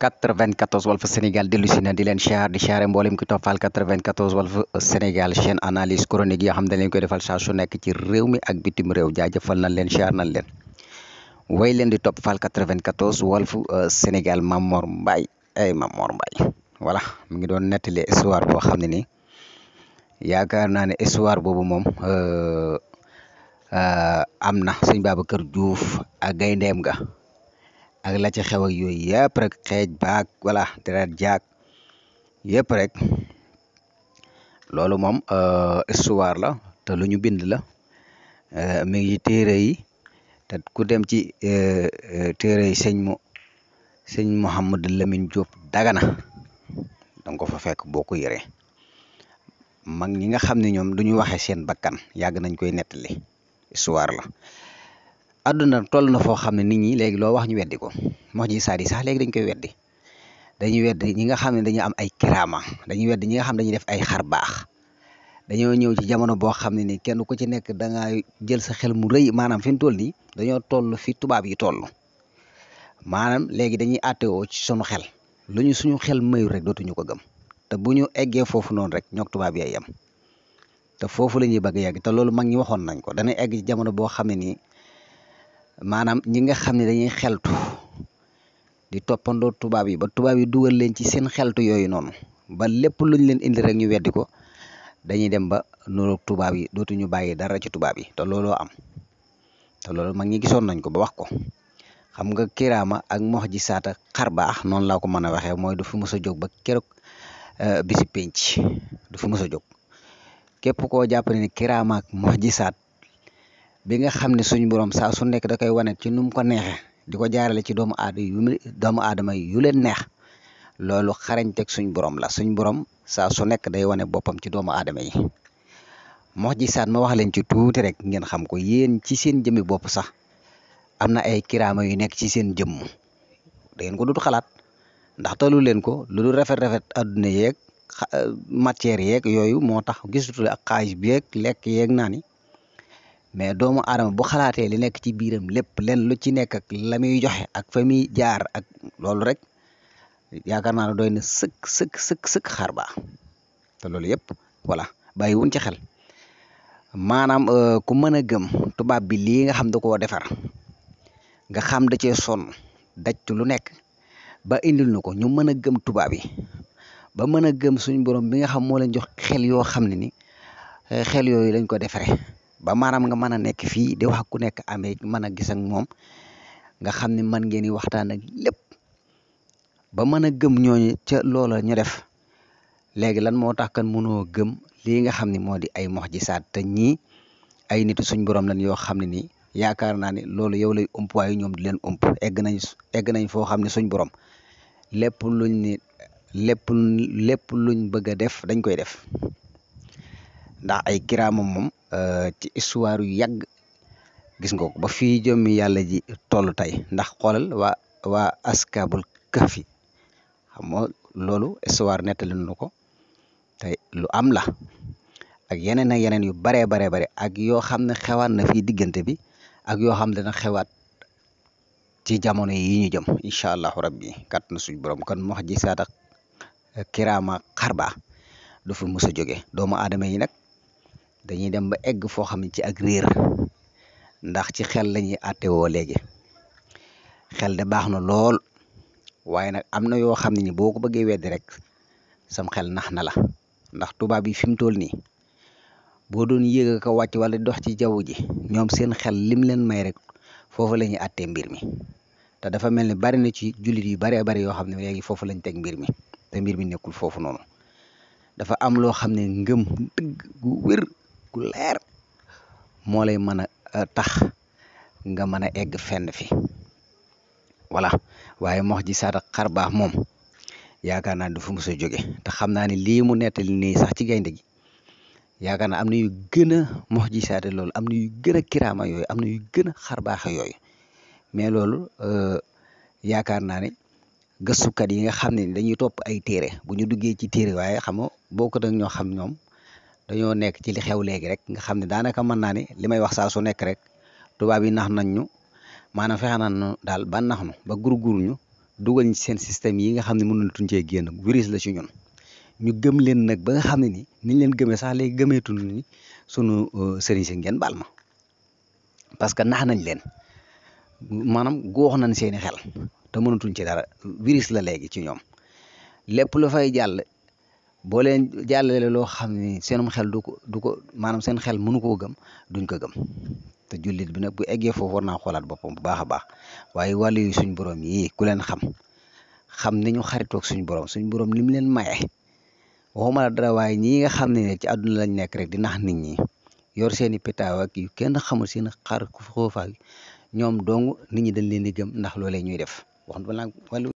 94 Walf Sénégal dellu si na di leen siyaar di siyaare mboolem ki toppal 94 Walf Sénégal chaîne analyse chronique yoo xam ne leen koy defal saa su nekk ci réew mi ak bitim réew jaajëfal nañ leen siyaar nañ leen way leen di topp fal 94 fu Sénégal Mamor mbaay ay Mamor Mbaye voilà mu ngi doon nettali histoire boo xam ne nii yaakaar naa ne histoire boobu moom euh, euh, am na sëñ Babacar Diouf ak gayndeem ga ak la ci yooyu yëpp rek xeej baag wala deret jaag yëpp rek loolu moom euh, histoire la te lu ñu bind la euh, mi ngi ci téere yi te ku dem ci euh, téere yi sëñ mu sëñ Mouhamadou Lamine Diop Dagana danga ko fa fekk boo ko mag ñi nga xam ne ñoom du ñu waxee seen bakkan yàgg nañ koy nettali histoire la àdduna toll na foo xam ne nit ñi léegi loo wax ñu weddi ko moo ji saar yi sax léegi dañ koy weddi dañuy weddi ñi nga xam ne dañu am ay kiraama dañu weddi ñi nga xam ne dañuy def ay xar baax dañoo ñëw ci jamono boo xam ne ni kenn ku ci nekk da nga jël xel mu rëy maanaam fi mu toll nii dañoo toll fi tubaab yi toll maanaam léegi dañuy àttewoo ci sunu xel lu ñu suñu xel mayu rek dootuñu ko gëm te bu ñu eggee foofu noonu rek ñoog tubaab yi ay yem te foofu la ñuy bëgg yegg te loolu mag ñi waxoon nañ ko dana egg ci maanaam ñi nga xam ne dañuy xeltu di toppandoo tubaab yi ba tubaab yi dugal leen ci seen xeltu yooyu noonu ba lépp luñ leen indi rek ñu weddi ko dañuy dem ba nuroog tubaab yi dootuñu bàyyi dara ci tubaab yi te looloo am te loolu mag ñi gisoon nañ ko ba wax ko xam nga kiraama ak mox ji saata xar noonu laa ko mën a waxee mooy du fi a jóg ba keroog eh, bisi pénc du fi mës a jóg képp koo jàpp ne kiraama ak mox ji saat bi nga xam ne suñu borom saa su nekk da koy wane ci nu mu ko neexee di ko jaarale ci doomu aadama yu doomu aadama yu leen neex loolu xarañteg suñu borom la suñu borom saa su nekk day wane boppam ci doomu aadama yi moo ji saat ma wax leen ci tuuti rek ngeen xam ko yéen ci seen jëmmi bopp sax am na ay kiraama yu nekk ci seen jëmm da ngeen ko dut xalaat ndax talu leen ko lu dul rafet rafet adduna yeeg matière yeeg yooyu moo tax gisutul ak xaalis bi yeeg lekk yeeg naa ni mais doomu aadama bu xalaatee li nekk ci biiram lépp leen lu ci nekk ak la muy joxe ak fa muy jaar ak loolu rek yaakaar naa ne doy na sëkk sëkk sëkk sëkk xar baax te loolu yëpp voilà bàyyi wuñ ci xel maanaam euh, ku mën a gëm tubaab bi lii nga xam da koo defar nga xam da cee son daj lu nekk ba indil lu ko ñu mën a gëm tubaab yi ba mën a gëm suñu borom bi nga xam moo leen jox xel yoo xam ne ni xel yooyu lañ ko defaree. ba maanaam nga mën a nekk fii di wax ku nekk Amérique mën a gis moom nga xam ne man ngeen di waxtaan ak lépp ba mën a gëm ñooñu ca loola ñu def léegi lan moo tax kan mënoo gëm lii nga xam ni moo di ay mox ji saat te ñii ay nit suñ borom lañ yoo xam ne nii yaakaar naa ne loolu yow lay ump waaye ñoom di leen ump egg nañ egg nañ foo xam ne suñ borom lépp luñ ni lépp luñ bëgg a def dañ koy def ndax ay kiraama moom euh, ci histoire yu yàgg gis nga ba fii jëmmi yàlla ji toll tey ndax xoolal waa waa askabul kafi xam nga loolu histoire nettali nu ko tey lu am la ak yeneen yeneen yu baree baree bare ak yoo xam ne xewaat na fii diggante bi ak yoo xam ne dana xewaat ci jamono yi ñu jëm incha allahu rabbi kat na suñ borom kon mox ji saata kiraama xarba du fi mus jóge doomu aadama yi nag dañuy dem ba egg foo xam ne ci ak réer ndax ci xel lañuy àttewoo léegi xel de baax na lool waaye nag am na yoo xam ne ni boo ko bëggee weddi rek sam xel nax na la ndax tubaab yi fi mu toll nii boo doon yéeg a ko wàcc wala dox ci jaww ji ñoom seen xel lim leen may rek foofu la ñuy mbir mi te dafa mel ni bari na ci jullit yu baree bari yoo xam ne léegi foofu lañ teg mbir mi te mbir mi nekkul foofu noonu dafa am loo xam ne ngëm dëgg wér gu moo lay mën a euh, tax nga mën a egg fenn fi voilà waaye mox ji saata xar baax moom yaakaar naa du fu mu sa jóge te xam naa ni lii mu nettali nii sax ci gaynde gi yaakaar naa am na yu gën a mox ji saata loolu am na yu gën a kiraama yooyu am na yu gën a xar baax yooyu mais loolu euh, yaakaar naa ne gëstukat yi nga xam ne dañuy topp ay téere bu ñu duggee ci téere waaye xam nga bokkut ak ñoo xam ñoom ñoo nekk ci li xew léegi rek nga xam ne daanaka mën naa ne limay may wax saa su nekk rek tubaab yi nax nañ ñu maanaam fexe nañ ñu daal ba nax ñu ba gurgur ñu dugal ñu seen système yi nga xam ne mënul cee génn virus la ci ñun ñu gëm leen nag ba xam ne ni niñ leen gëmee sax léegi gëmeetuñu ni sunu euh, sëriñ ngeen baal parce que nax nañ leen maanaam góox nañ seeni xel te mënatuñ ci dara virus la léegi ci ñoom lépp lu fay jàll. boo leen jàllale loo xam ne seenum xel du ko du ko maanaam seen xel mënu koo gëm duñ ko gëm te jullit bi nag bu eggee foofu naa xoolaat boppam bu baax a baax waaye wàllu yu suñ borom yii ku leen xam xam ni ñu xaritoog suñ borom suñ borom li mu leen maye waxuma la dara waaye ñii xam ne ci àdduna lañ nekk rek di nax nit ñi yor seen i pétaaw kenn xamul seen xar xoofa ñoom dong nit ñi dañ leen di gëm ndax loole ñuy def wax wàllu